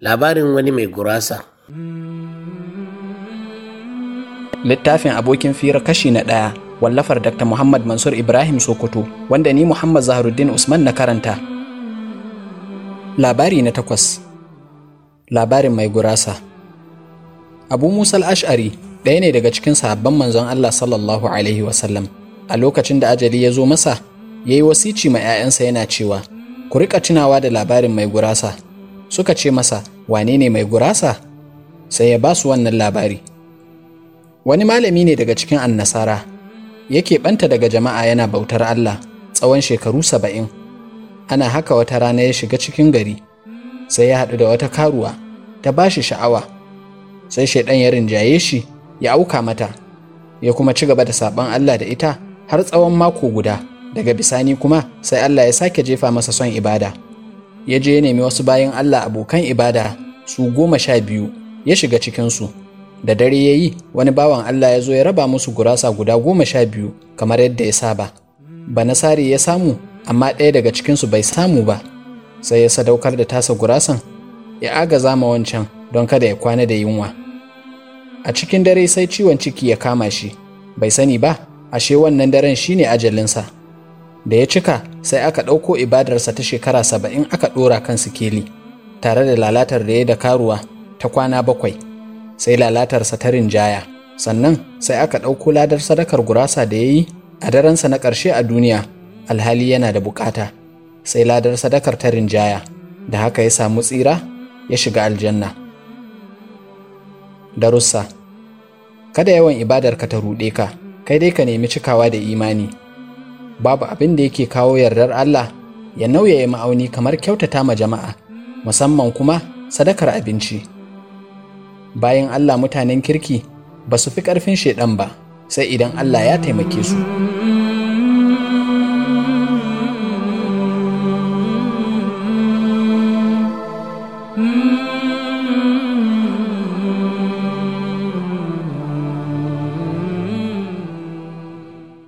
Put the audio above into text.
labarin wani mai gurasa littafin abokin fira kashi na ɗaya wallafar dr muhammad mansur ibrahim sokoto wanda ni muhammad zaharuddin usman na karanta labari na takwas labarin mai gurasa abu musal ash'ari ɗaya ne daga cikin sahabban manzon allah sallallahu alaihi wasallam a lokacin da ajali ya zo masa ya yi wasici ma 'ya'yansa yana cewa ku riƙa tunawa da labarin mai gurasa suka ce masa wane ne mai gurasa sai ya ba su wannan labari wani malami ne daga cikin annasara yake ɓanta daga jama'a yana bautar Allah tsawon shekaru saba'in ana haka wata rana ya shiga cikin gari sai ya haɗu da wata karuwa ta ba shi sha'awa sai shaidan ya rinjaye shi ya auka mata ya kuma ci gaba da saɓon Allah da ita har tsawon mako guda daga bisani kuma sai Allah ya sake jefa masa son ibada. ya je ya nemi wasu bayan Allah abokan ibada su goma sha biyu ya shiga cikinsu da dare ya yi wani bawan Allah ya zo ya raba musu gurasa guda goma sha biyu kamar yadda ya saba banasari ya samu amma ɗaya daga cikinsu bai samu ba sai ya sadaukar da tasa gurasan ya agaza ma wancan don kada ya kwana da yunwa a cikin dare sai ciwon ciki ya kama shi bai sani ba ashe wannan daren shine ajalinsa da ya cika sai aka ɗauko ibadarsa ta shekara saba'in aka ɗora kan sikeli tare da lalatar da ya da karuwa ta kwana bakwai sai lalatarsa ta rinjaya sannan sai aka ɗauko ladar sadakar gurasa da ya yi a daransa na ƙarshe a duniya alhali yana da bukata sai ladar sadakar ta rinjaya da haka ya samu tsira ya shiga aljanna darussa kada yawan ibadarka ta ruɗe ka kai dai ka nemi cikawa da imani babu abin da yake kawo yardar Allah ya nauyaya ma'auni kamar kyautata ma jama'a musamman kuma sadakar abinci bayan Allah mutanen kirki ba su fi ƙarfin shaidan ba sai idan Allah ya taimake su.